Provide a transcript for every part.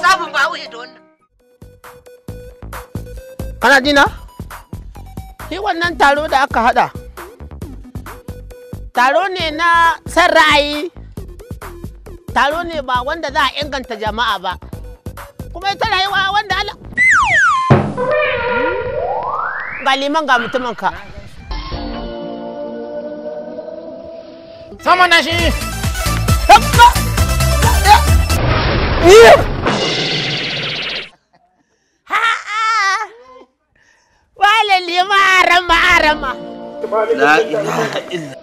lissafin ba wuce da wannan. Shi wannan taro da aka haɗa. Taro ne na san ra'ayi. Taro ne ba wanda za a inganta jama'a ba. Kuma ita rayuwa wanda Allah. Ga liman ga mutumin ka. Sama na shi! Hoppa! Yeah! yi ma'aran ma'aran ma. La ilaha illa.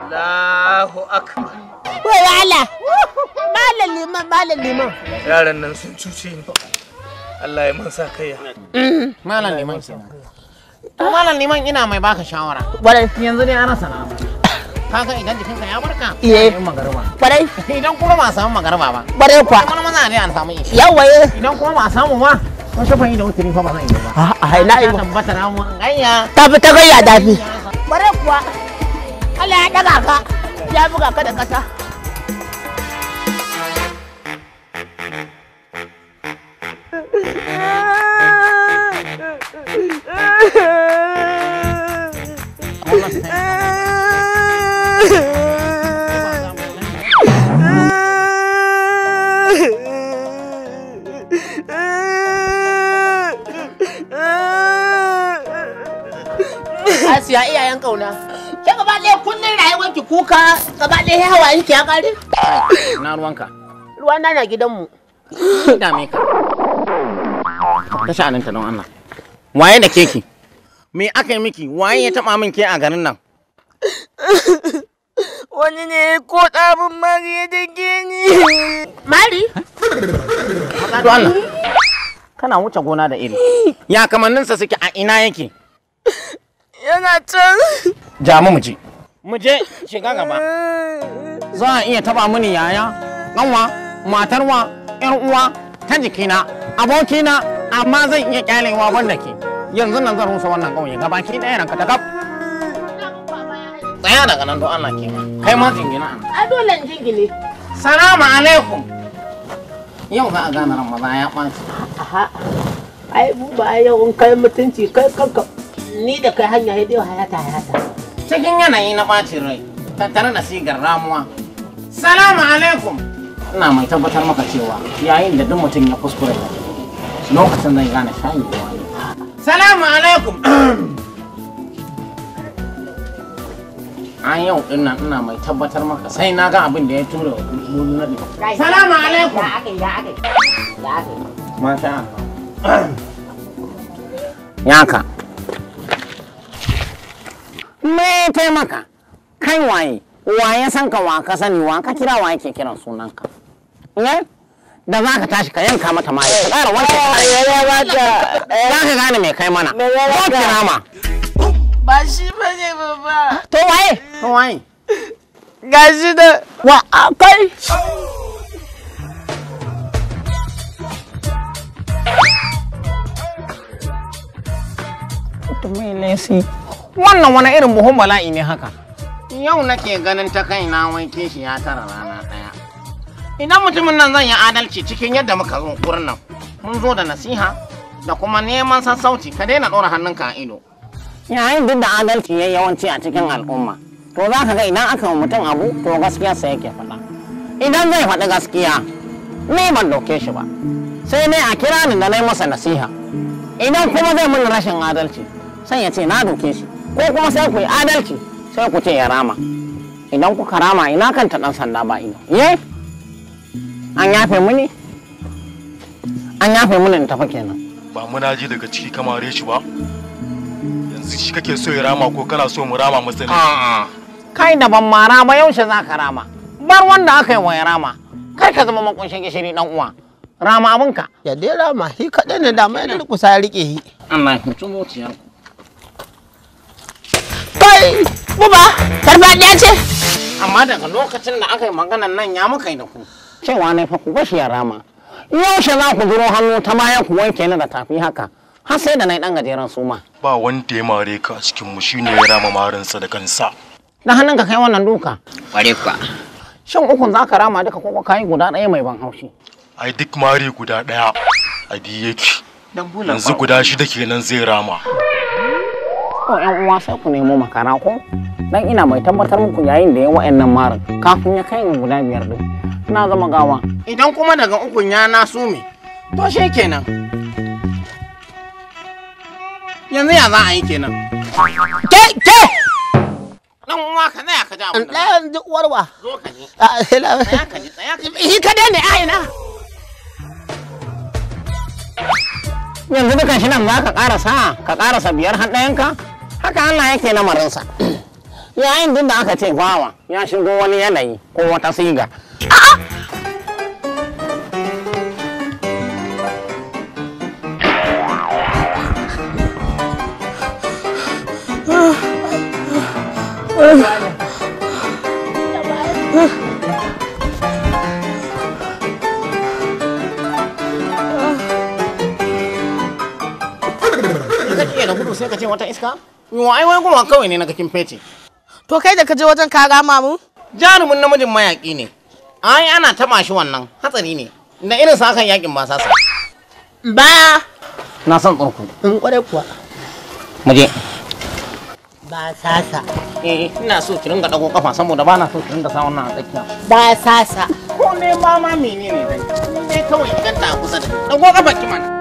Allahu akbar. Wai Allah. Malam liman malam liman. Yaran nan sun cuce ni. Allah ya man sa kaiya. Malam liman To malam liman ina mai baka shawara. Wadai yanzu ne ana sana'a. Kaga idan jikinka ya barka. Iye. Eh. Yin magarba. Wadai. Idan kuma ba a samu magarba ba. kwarai kwa. Kuma maza ne an samu ishi. Eh. Idan kuma ba a samu ba. Kun shafa yi da wutarin fa ba zan yi ba. a ina yi ba. Tabbata na mu ganya. dafi. kuwa. Allah ya daga ka. Ya buga ka da kasa. Allah Asiya iyayen kauna. Ke gaba ɗaya kullun rayuwar ki kuka gaba ɗaya hawayen ki ya kare. Na ruwanka. Ruwan na gidanmu. Da me ka? Ta sha'anin ta don Allah. Waye da keki? Me aka yi miki? Waye ya taba min ke a garin nan? Wani ne ko ɗabin mari ya dage ni. Mari? Don Allah. Kana wuce gona da iri. Ya kamanninsa suke a ina yake? Yana can. Ja mu je. mu je shiga gaba. Za a iya taba mini yaya, ganwa, matarwa, ƴan uwa, ta jikina, abokina, amma zan iya kyalewa banda ke. Yanzu nan zan rusa wannan ƙauye gaba ki ɗaya ranka ta gab. Tsaya daga nan don Allah ke kai ma jingina. Ai dole in jingine. Salamu alaikum. Yau za a gane ran maza ya ɓaci. Aha. Ai ba ai yau kai mutunci kai kanka ni da kai hanya ya biyo hayata hayata cikin yanayi na ɓacin rai tattare da sigar ramuwa salamu alaikum ina mai tabbatar maka cewa yayin da duk mutum ya kuskure lokacin zai gane shayi da wani salamu alaikum an yau ina mai tabbatar maka sai na ga abin da ya tura wa kuskure na ɗin salamu alaikum ya aka ya aka ya aka Allah me taimaka kai waye waye san ka wa ka sani wa ka kira waye ke kiran sunan ka da za ka tashi ka yanka mata ma ya ya wanke ta za ka gane mai kai mana ko kira ma ba shi ba ne baba. to waye to waye gashi da wa akai to lesi wannan wani irin buhun bala'i ne haka yau nake ganin ta kai na wanke shi ya tara rana ɗaya idan mutumin nan zan yi adalci cikin yadda muka zo wurin nan mun zo da nasiha da kuma neman sassauci ka daina ɗora hannunka a ido yayin duk da adalci ya yawanci a cikin al'umma to za ka ga idan aka wa mutum abu to gaskiya sa yake faɗa idan zai faɗi gaskiya ni ban ɗauke shi ba sai dai a kira ni da na masa nasiha idan kuma zai mun rashin adalci sai ya ce na doke shi ko kuma sai ku yi adalci sai ku ce ya rama idan kuka rama ina kan ta dan sanda ba ina ye an yafe mu ne an yafe mu ne tafi kenan ba muna ji daga ciki kamar shi ba yanzu shi kake so ya rama ko kana so mu rama mu ne kai da ban ma rama yaushe za ka rama bar wanda aka yi wa ya rama kai ka zama makunshin gishiri dan uwa rama abinka ya dai rama hi kaɗai ne da mai da kusa ya rike hi Allah ya hutu motiyar Kai, buba, ɗaya ce. Amma daga lokacin da aka yi maganan nan ya muka yi da ku. Cewa ne fa ku bashi ya rama. Yaushe za ku zuro hannu ta bayan ku wanke ni da tafi haka. Har sai da na yi ɗan gajeren suma. Ba wanda ya mare ka a cikin mu shine ya rama marinsa da kansa. Da hannun ka kai wannan duka. Kware kuwa. Shin ukun za ka rama duka ko kayi guda ɗaya mai ban haushi? Ai duk mari guda ɗaya a biyu yake. Yanzu guda shida kenan zai rama. to yan uwa sai ku nemo makara ko dan ina mai tabbatar muku yayin da 'yan wa'annan mara. kafin ya kai guda biyar din na zama gawa idan kuma daga ukun ya na sume to shi kenan yanzu ya za a yi kenan ke ke dan uwa ka tsaya ka ji abin da duk warwa zo ka ji ah, tsaya ka ji tsaya ka ji ka dai ne a ina yanzu dukan shi nan za ka ƙarasa ka ƙarasa biyar hannayenka haka Allah yake na marinsa yayin din da aka ce bawa ya shigo wani yanayi ko wata siga iya da gudu sai ka ce wata iska? Yiwa ai wani gurwa kawai ne na kakin fece. To kai da ka je wajen ka gama mu? Jarumin namijin mayaƙi ne. Ai ana taɓa shi wannan hatsari ne. Na irin sa kan yakin ba sasa. Ba. Na san tsurku. In kwarai kuwa. Mu je. Ba sasa. Eh ina so ki ringa dago kafa saboda ba na so ki ringa sa wannan a tsakiya. Ba sasa. Ko ne ma ma menene dai? Ni ne kawai ganta kusa da. Dago kafa ki mana.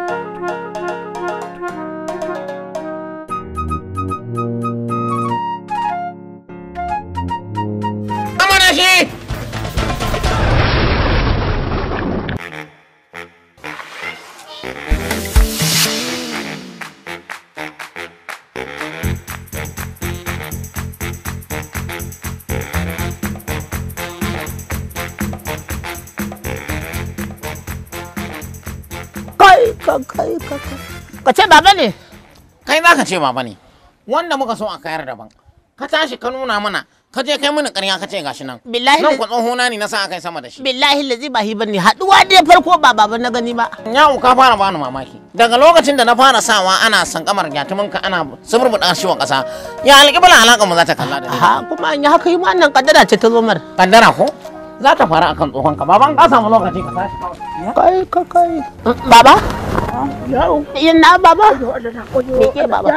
baba ne kai za ka ce baba ne wanda muka so a kayar daban ka tashi ka nuna mana ka je kai mini ƙarya ka ce gashi nan billahi nan kwatsan hona ne na sa kai sama da shi billahi lazi ba hiban ne haduwa dai farko ba baba na gani ba yawo ka fara bani mamaki daga lokacin da na fara sawa ana sankamar gyatumin ka ana sumurbuɗa shi wa kasa ya alƙibla alaka mu za ta kalla da ha kuma an yi haka yi ma kaddara ce ta zomar kaddara ko za ta fara akan tsohon ka baban ka samu lokaci ka tashi kai kai baba Ina baba. baba?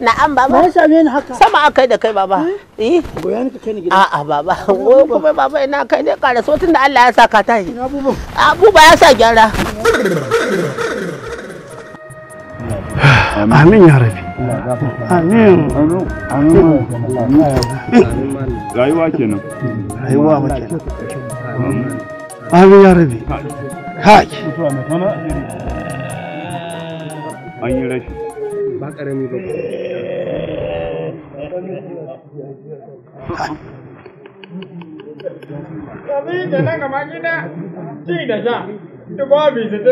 Na'am baba. same ni haka? Sama akai da kai baba. Eh. eh? Goyan ka kai ni gida. A'a baba. kuma baba ina kai ne ƙara so tunda Allah ya saka ta yi. Abuba ya sa gyara. Amin ya rabi. Amin. Rayuwa kenan. Rayuwa ba kenan. Amin ya rabi. kaki. an yi rashi ba ba Kazi da nan gaba gida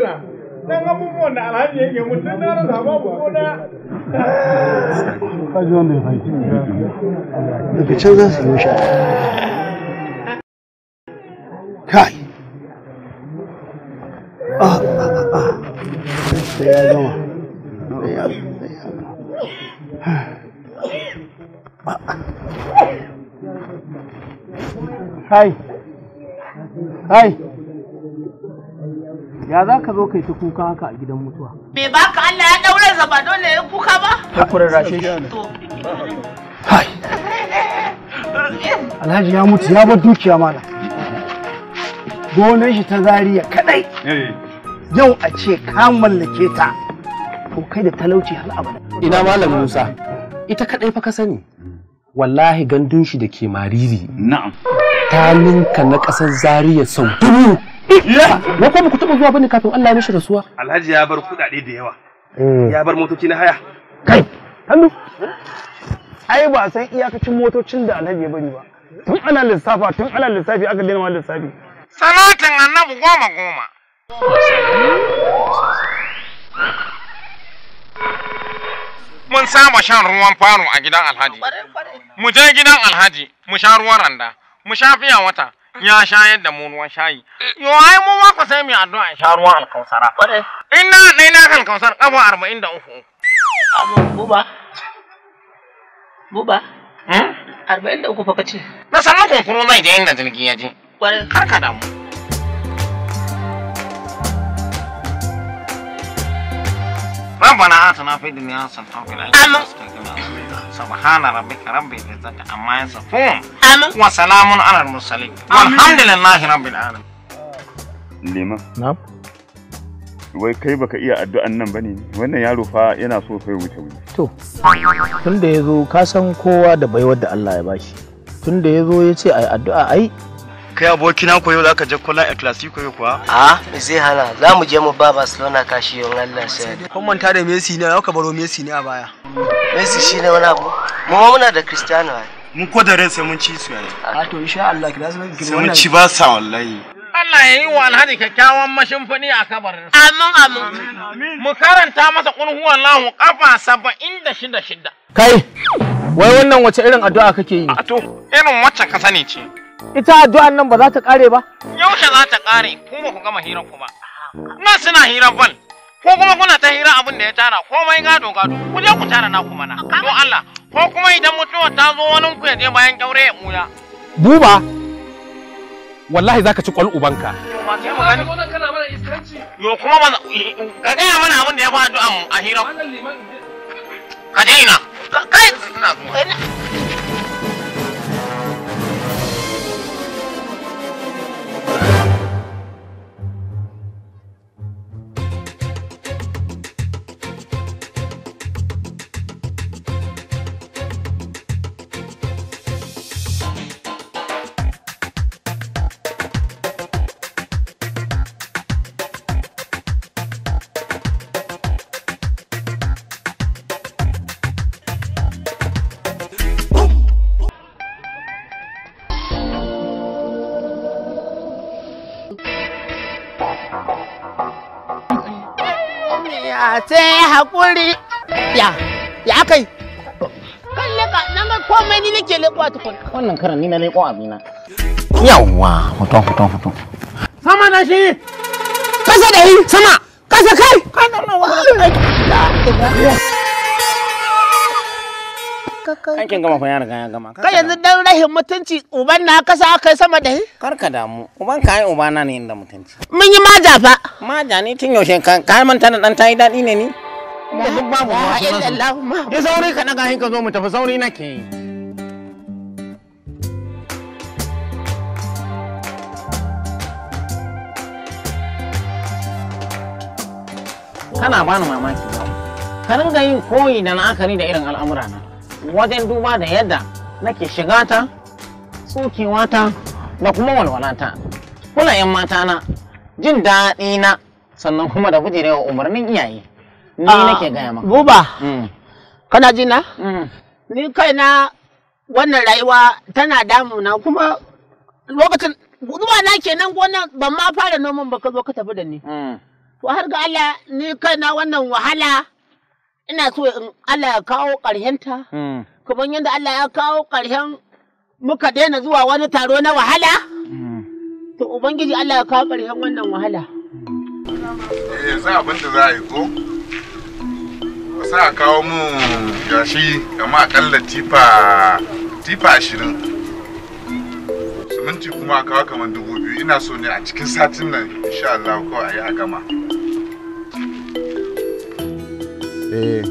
da abubuwan da alhaji yake mutum na rasa Ah, ah, ah, ah. kai kai ya za ka zo kai ta kuka haka a gidan mutuwa me ba ka Allah ya daure zaba dole ya kuka ba hakurin rashe shi to kai Alhaji ya mutu ya bar dukiya mana gonar shi ta zariya kadai eh. yau a ce ka mallake ta to kai da talauci har abada ina malam Musa ita kadai fa ka sani wallahi gandun shi da ke mariri na'am talinka na ƙasar zariya sau dubu na kuma ku taɓa zuwa bane kafin Allah ya mishi rasuwa alhaji ya bar kuɗaɗe da yawa eh. ya bar motoci na haya kai hannu ai ba san iyakacin motocin da alhaji ya bari ba tun ana lissafa tun ana lissafi aka daina ma lissafi salatin annabi goma goma mun saba shan ruwan fano a gidan alhaji mu je gidan alhaji mu sha ruwan randa mu shafi ya wata ya shayar da mu ruwan shayi yo ai mu ma ku mai addu'a in sha ruwan alkausara ina dai na kan kausar kafa 43 abu buba buba hmm 43 fa kace na san mun kunkuru mai da inda jirgi ya je har ka damu ربنا آتنا في الدنيا حسنة وفي الآخرة حسنة subhana rabbika rabbil izzati amma yasifun amin wa salamun alal mursalin walhamdulillahi rabbil alamin liman na'am wai kai baka iya addu'an nan bane wannan yaro fa yana so sai wuce wuce to tunda yazo ka san kowa da baiwar da Allah ya bashi tunda yazo ya ce ai addu'a ai kai abokina ko yau zaka je kallon El Clasico yau kuwa a me zai hana za mu je mu ba Barcelona kashi yau Allah sai kun manta da Messi ne ka baro Messi ne a baya Messi shine wani abu mu ma muna da Cristiano mu ko da ran sai mun ci su yayi a to insha Allah ki zasu ki mun ci ba sa wallahi Allah ya yi wa alhaji kyakkyawan mashimfiɗi a kabarin. Amin amin. Mu karanta masa ƙun huwa lahu kafa saba'in da shida shida. Kai, wai wannan wace irin addu'a kake yi? A to, irin wacce ka sani ce. Ita addu'an nan ba za ta ƙare ba? Yaushe za ta ƙare, ku ba ku gama hirar ku ba. Na suna hirar ban, ko kuma kuna ta hirar abin da ya tara komai gado gado ku je ku tara naku mana don Allah ko kuma idan mutuwa ta zo wani ku ya je bayan gaure ya muya buba wallahi zaka ci kwal ubanka yo kuma ba ka ga mana abin da ya fa addu'an a hirar. ka je ina kai tafiya sai haƙuri ya ya kai kan leka na ga komai ni nake a tukun wannan karan ni na leƙo abina yawwa hoton hoton hoton sama na shi kasa da yi sama kasa kai kai da Aikin gama fa yana riga gama. Kai yanzu dan rahin mutunci uban na kasa kai sama da Kar ka damu. Uban kai ubana ne inda mutunci. Mun yi maja fa. Maja ne tun yaushe kan kai manta da dan tayi daɗi ne ni. Da duk babu ma. Ya saurayi ka daga hin ka zo mu tafi sauri nake yi. kana bani mamaki ka ringa yin koyi da na'akari da irin al'amura na wajen duba da yadda nake shiga ta tsokewa ta da kuma walwalata kula 'yan mata na jin daɗi na sannan kuma da gujerewa umarnin iyaye ni ah, nake gaya maka buba mm. kana ji na mm. ni kaina wannan rayuwa tana damuna kuma lokacin zuwa na kenan gona ban ma fara noman ba ka zo ka tafi da ni mm. to har ga Allah ni kaina wannan wahala ina so in Allah ya kawo ƙarshenta hmm. kamar yadda Allah ya kawo ƙarshen muka daina zuwa wani taro na wahala hmm. to ubangiji Allah ya kawo ƙarshen wannan wahala eh, yanzu abin da za a yi ko sa kawo mu yashi kama akalla tifa tifa ashirin siminti kuma kawo kamar dubu biyu ina so ne a cikin satin nan insha Allah ko a yi a gama eh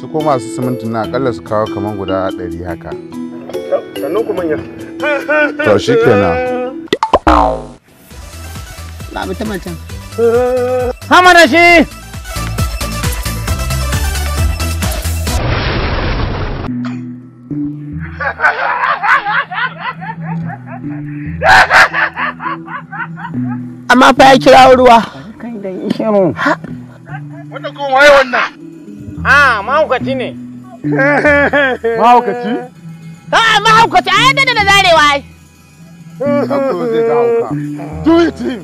su ko masu siminti na akalla su kawo kamar guda ɗari haka sannan kuma ya to shi kenan ba mu ta macen hama da shi amma fa ya kira ruwa kai da ishirin wannan kuma waye wannan Ah, mahaukaci ne mahaukaci a mahaukaci a dada da zarewa ai do it him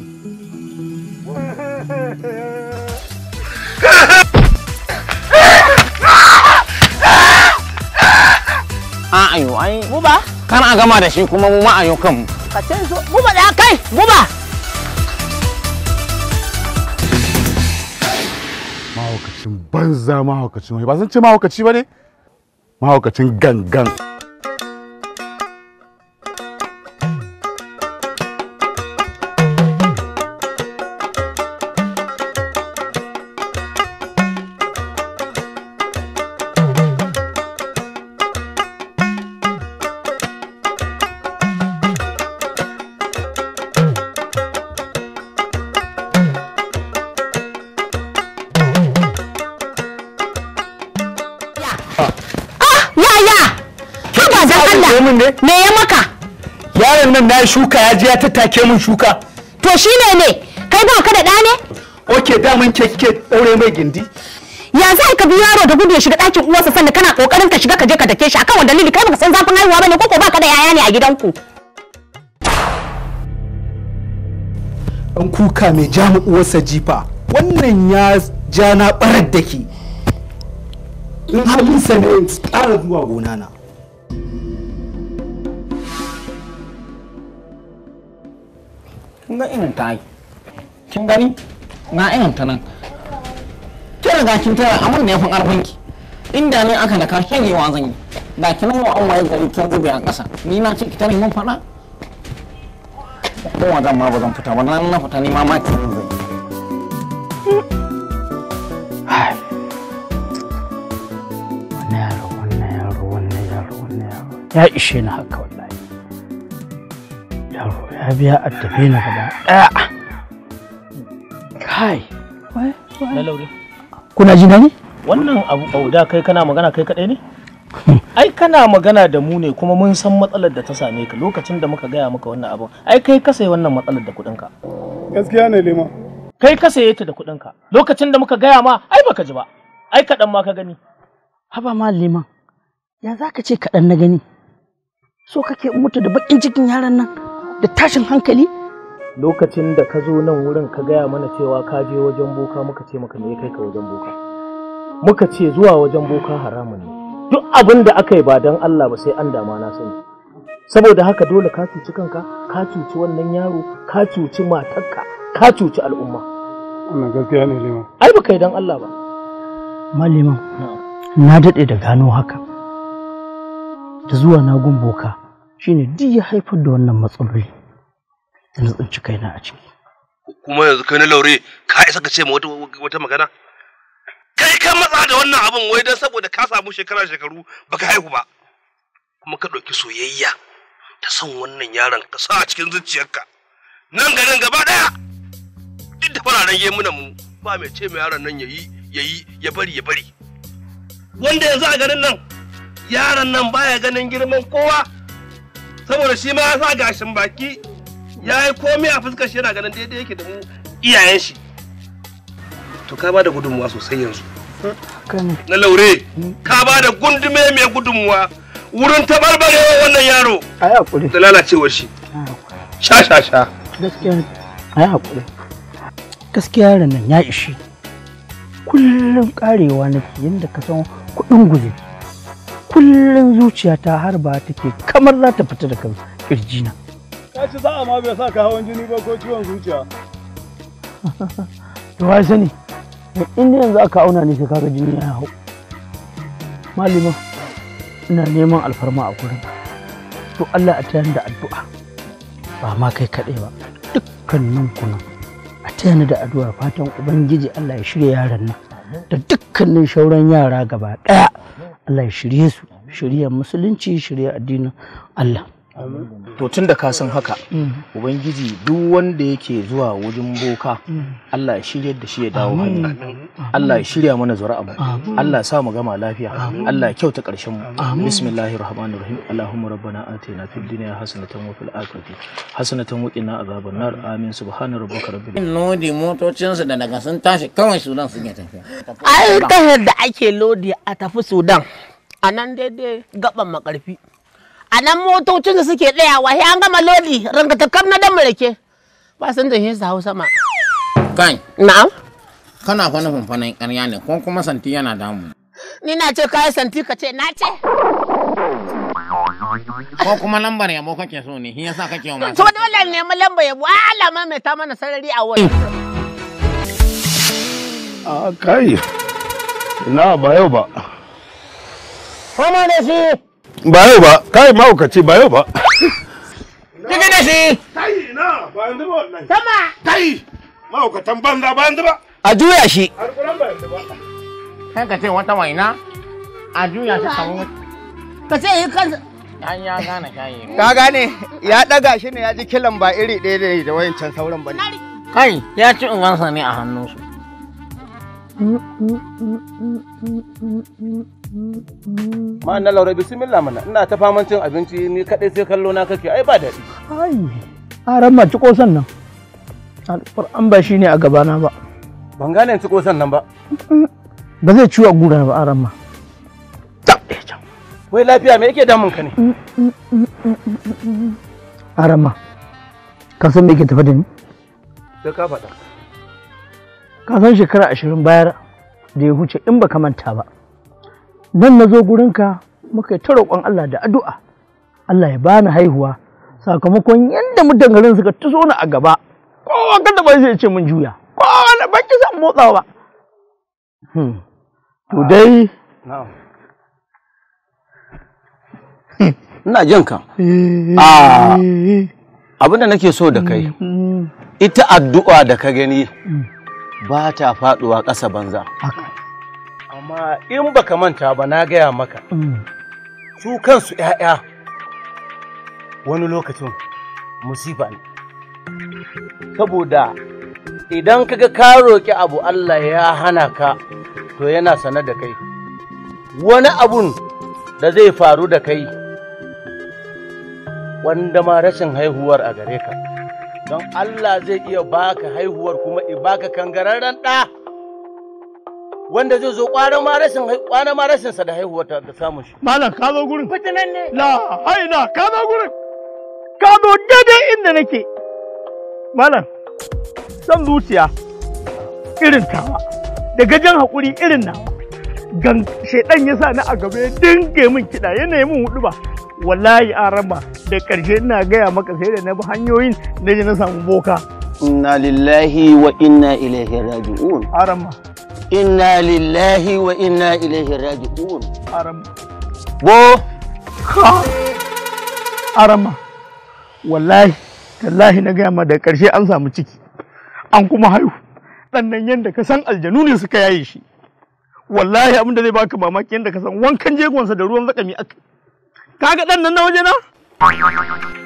a ayo ai buba kana gama da shi kuma mu ma ayo mu ka ce zo buba da kai buba mahaukacin banza mahaukacin ba zan ce mahaukaci ba ne mahaukacin gangan a shuka ya je ya tattake mun shuka to shi ne kai ba ka da ɗa ne ok mun ke kike ɗaure mai gindi ya za ka bi yaro da gudu ya shiga ɗakin uwarsa sannan kana ƙoƙarin ka shiga ka je ka dake shi akan wanda dalili kai baka san zafin haihuwa bane ko ko baka da yaya ne a gidanku dan kuka mai jamu uwarsa jifa wannan ya ja na barar da ke in halinsa ne tsara zuwa gona na kin ga irin ta kin gani na irin ta nan ki riga kin tara amma ne fa karfin ki inda ne aka da ka shanyewa zan yi da kin wa an waye gari kin zube a ƙasa ni na ce ki tare mun fada ko wajen ma ba zan fita ba nan na fita ni ma ma ki zan yi ya ishe ni haka ta biya a tafi na gaba ɗaya kai na laure kuna ji wannan abu kai kana magana kai kaɗai ne hmm. ai kana magana da mu ne kuma mun san matsalar da ta same ka lokacin da muka gaya maka wannan abun ai kai ka sayi wannan matsalar da kuɗin ka gaskiya ne lema kai ka saye ta da kuɗin ka lokacin da muka gaya ma ai baka ji ba ai kaɗan ma ka gani haba ma liman ya za ka ce kaɗan na gani so kake mutu da baƙin cikin yaran nan da tashin hankali lokacin da ka zo nan wurin ka gaya mana cewa ka je wajen boka muka ce maka me kai ka wajen boka muka ce zuwa wajen boka haramun ne duk abin da aka yi ba dan Allah ba sai an dama na sani saboda haka dole ka cuci kanka ka cuci wannan yaro ka cuci matarka ka cuci al'umma wannan gaskiya ne lema ai baka yi don Allah ba malima na daɗe da gano haka da zuwa na gun boka shine duk ya haifar da wannan matsaloli da na tsinci kaina a ciki kuma yanzu kai na laure ka isa ka ce ma wata wata magana kai ka matsa da wannan abin wai dan saboda ka samu shekara shekaru baka haihu ba kuma ka ɗauki soyayya ta son wannan yaron ka sa a cikin zuciyarka nan garin gaba daya duk da fararen gemunan mu ba mai ce mai yaron nan yayi yayi ya bari ya bari wanda yanzu a garin nan yaron nan baya ganin girman kowa saboda shi ma ya sa gashin baki ya yi komai a fuskar shi yana ganin daidai yake da mu iyayen shi to ka bada gudunmuwa sosai yanzu na laure ka bada gundume mai gudunmuwa wurin wa wannan yaro ai hakuri da lalacewar shi sha sha sha gaskiya ai hakuri gaskiya yaron nan ya ishi kullum karewa nake yadda ka san kuɗin guje kullum zuciyata har ba take kamar za ta fita daga kirjina ka za a ma bai sa ka hawan jini ba ko ciwon zuciya to wai sani inda yanzu aka auna ni sai kaga jini ya hau malima ina neman alfarma a gurin to Allah a tayan da addu'a ba ma kai kaɗai ba dukkanin kunan a tayan da addu'ar fatan ubangiji Allah ya shirya yaran nan da dukkanin shauran yara gaba ɗaya Allah ya shirye su shirya musulunci shirya addinin Allah to tun da ka san haka ubangiji duk wanda yake zuwa wajen boka Allah ya shirya da shi ya dawo hanya Allah ya shirya mana zuri'a mu Allah ya sa mu gama lafiya Allah ya kyauta karshen mu bismillahir rahmanir rahim allahumma rabbana atina fid dunya hasanatan wa fil akhirati hasanatan wa qina azaban nar amin subhana rabbika rabbil lodi motocin su da daga sun tashi kawai sudan sun yi tafiya ai ta yadda ake lodi a tafi sudan a nan daidai gaban makarfi a nan motocin da suke tsayawa sai an gama lodi rangatakar na dan rake ba san da shi hau sama kai na'am kana fa fanfanan ƙarya ne ko kuma santi yana damu ni na ce kai santi ka ce na ce ko kuma lambar yabo kake so ne shi yasa kake wa to dole ne mu lambar yabo alama mai ta mana sarari a wani a kai na ba yau ba Fama ne shi ba yau ba kai mahaukaci ba yau ba kika da shi kai na ba yanzu ba wannan kama kai mahaukatan banza ba yanzu ba a juya shi alƙuran kai ka ce wata waina a juya shi kamar ka ce yi kan ya gane ka gane ya daga shi ne ya ji kilan ba iri ɗaya ne da wayancan sauran ba ne kai ya ci ungansa ne a hannunsu mm, mm, mm, ma na laura bismillah mana ina ta faman cin abinci ni kadai sai kallo na kake ai ba daɗi ai aran ma ci kosan nan alquran ba shine a gabana ba ban gane ci kosan nan ba ba zai ciwo gura ba aran ma eh, wai lafiya me yake damun ka ne aran ma ka san me yake tafi da ni da ka faɗa ka san shekara ashirin bayar da ya huce in ba ka manta ba nan na zo gurinka muka yi ta roƙon Allah da addu'a Allah ya bani haihuwa sakamakon yadda mutan garin suka ta ni a gaba kowa kada ba zai ce mun juya kowa na baki zan motsawa ba hmm. to ah, dai ina jin ka eh. ah, abin da nake so da kai hmm. ita addu'a da ka gani hmm. ba ta faduwa ƙasa banza Kuma in baka manta ba na gaya maka. Mm. Su kansu ‘ya'ya wani lokacin musiba ne. Saboda idan kaga ka roƙi abu Allah ya hana ka to yana sane da kai. Wani abun da zai faru da kai wanda ma rashin haihuwar a gare ka. Don Allah zai iya baka haihuwar kuma i baka kangararren ɗa. wanda zai zo kwana ma rashin kwana ma rashin sa da haihuwa ta samu shi malam ka zo gurin fitinan ne la haina ka zo gurin ka zo daidai inda nake malam san zuciya irin tawa da gajen hakuri irin na gan shedan ya sa ni a gaba ya dinga min kiɗa yana min hudu ba wallahi an raba da ƙarshe ina gaya maka sai da na bi hanyoyin na je na samu boka inna lillahi wa inna ilaihi raji'un arama inna lillahi wa inna ilaihi raji'un aram wo ka arama wallahi tallahi na gaya ma da karshe an samu ciki an kuma haihu dan nan yanda ka san aljanu ne suka yaye shi wallahi abinda zai baka mamaki yanda ka san wankan jegonsa da ruwan zakami aka kaga dan nan na waje na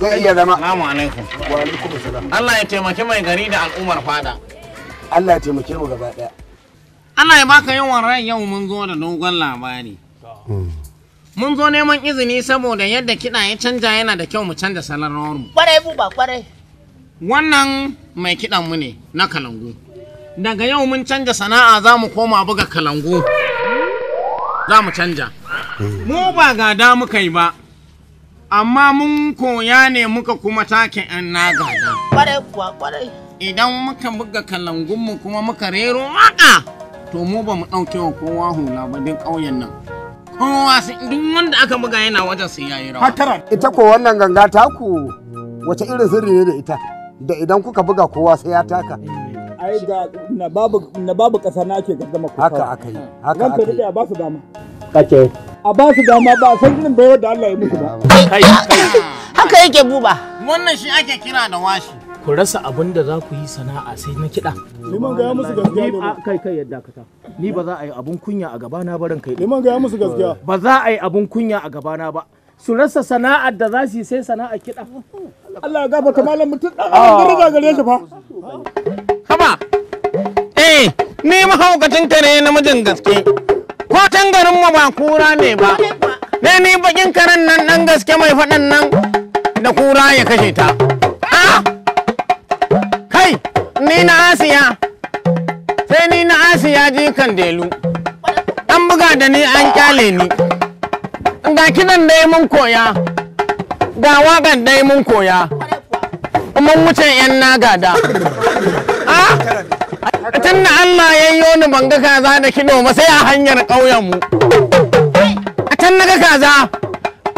zai iya zama salamu alaikum wa alaikum salam Allah ya taimaki mai gari da al'ummar fada Allah ya taimake mu gaba daya Allah ya baka yawan ran yau mun zo da dogon labari hmm. mun zo neman izini saboda yadda kiɗa ya canja yana da kyau mu canja salon rawar mu kwarai buba kwarai wannan mai kiɗan mu ne na kalangu daga yau mun canja sana'a za mu koma buga kalangu za mu canja hmm. mu ba gada muka yi ba amma mun koya ne muka kuma take an nagada. Kwarai kuwa kwarai. Idan muka buga kalangunmu kuma muka rero waka, to mu ba mu ɗauke wa kowa hula ba duk ƙauyen nan. Kowa duk wanda aka buga yana wajen sai yayi rawa. Hatara. Ita ko wannan ganga ku wace irin sirri ne da ita? Da idan kuka buga kowa sai ya taka. Ai ga na babu ƙasa na ake gaggama ku. Haka aka yi. Haka aka yi. Ran ba su dama. Kake. a ba su dama ba san irin baiwar da Allah ya musu ba haka yake buba wannan shi ake kira da washi ku rasa abin da za ku yi sana'a sai na kiɗa liman ga musu gaskiya kai kai yadda ka ta ni ba za a yi abun kunya a gaba na ran kai liman ga musu gaskiya ba za a yi abun kunya a gaba na ba su rasa sana'ar da za su yi sai sana'a kiɗa Allah ya gafarta malam mutum ɗan adam ah. gare gare shi fa haba eh ni mahaukacin ne namijin gaske ko garin mu ba kura ne ba ne ni bakin karen nan dan gaske mai faɗan nan da kura ya kashe ta kai ni na asiya sai ni na asiya jikan delu an buga da ni an kyale ni ga kidan dai mun koya ga wagan dai mun koya mun wuce 'yan nagada ah tun da Allah ya yi ni banga kaza da kiɗo ba sai a hanyar ƙauyenmu. A can na ga kaza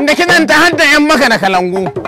da kiɗan ta hadda 'yan maka da kalangu.